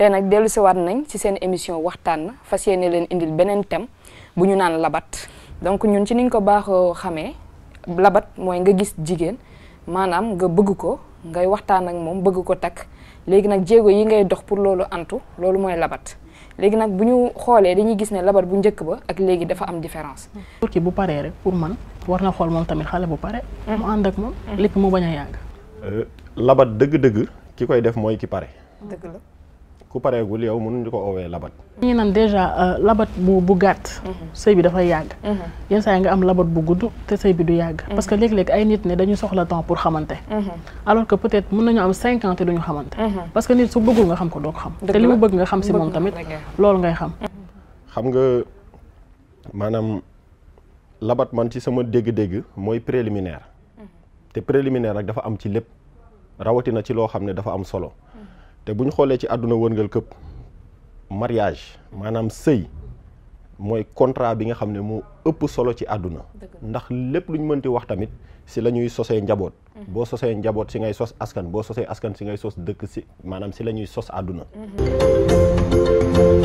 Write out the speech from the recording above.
tey nag dellu waat nañ ci seen émission waxtaan fas yéene leen indil beneen thème bu ñu naan labat donc ñun ci niñ ko baaxoo xamee labat mooy nga gis jigéen maanaam nga bëgg ko ngay waxtaan ak moom bëgg ko takk léegi nag jéego yi ngay dox pour loolu antu loolu mooy labat léegi nag bu ñu xoolee dañuy gis ne labat bu njëkk ba ak léegi dafa am différence. kii bu paree rek pour man war na xool moom tamit xale bu pare. mu ànd ak moom mm-hmm. lépp mu bañ a yàgg. Euh, dëgg-dëgg ki koy def mooy ki pare. la. ku pareegul yow mënuñu ko oowee labat. ñu naan déjà euh, labat bu bu gàtt. Mhm. sëy bi dafay yàgg. Mhm. yenn saa yi nga am labat bu gudd te sëy bi du yàgg. Mhm. parce que léeg-léeg ay nit ne dañu soxla temps pour xamante. alors que peut-être mën nañu am cinq ans te duñu xamante. parce que nit su bëggul nga xam ko doo ko xam. te li mu bëgg nga xam si moom tamit loolu ngay xam. xam nga maanaam labat man ci sama dégg-dégg mooy préliminaire. te préliminaire nag dafa am ci lépp rawatina ci loo xam ne dafa am solo. te bu ñu xoolee ci àdduna wërngal këpp mariage maanaam sëy mooy contrat bi nga xam ne moo ëpp solo ci àdduna ndax lépp lu ñu mënti wax tamit si la ñuy sosee njaboot mm-hmm. boo sosee njaboot si ngay sos askan boo sosee askan si ngay sos dëkk si maanaam si la ñuy sos àdduna mm-hmm.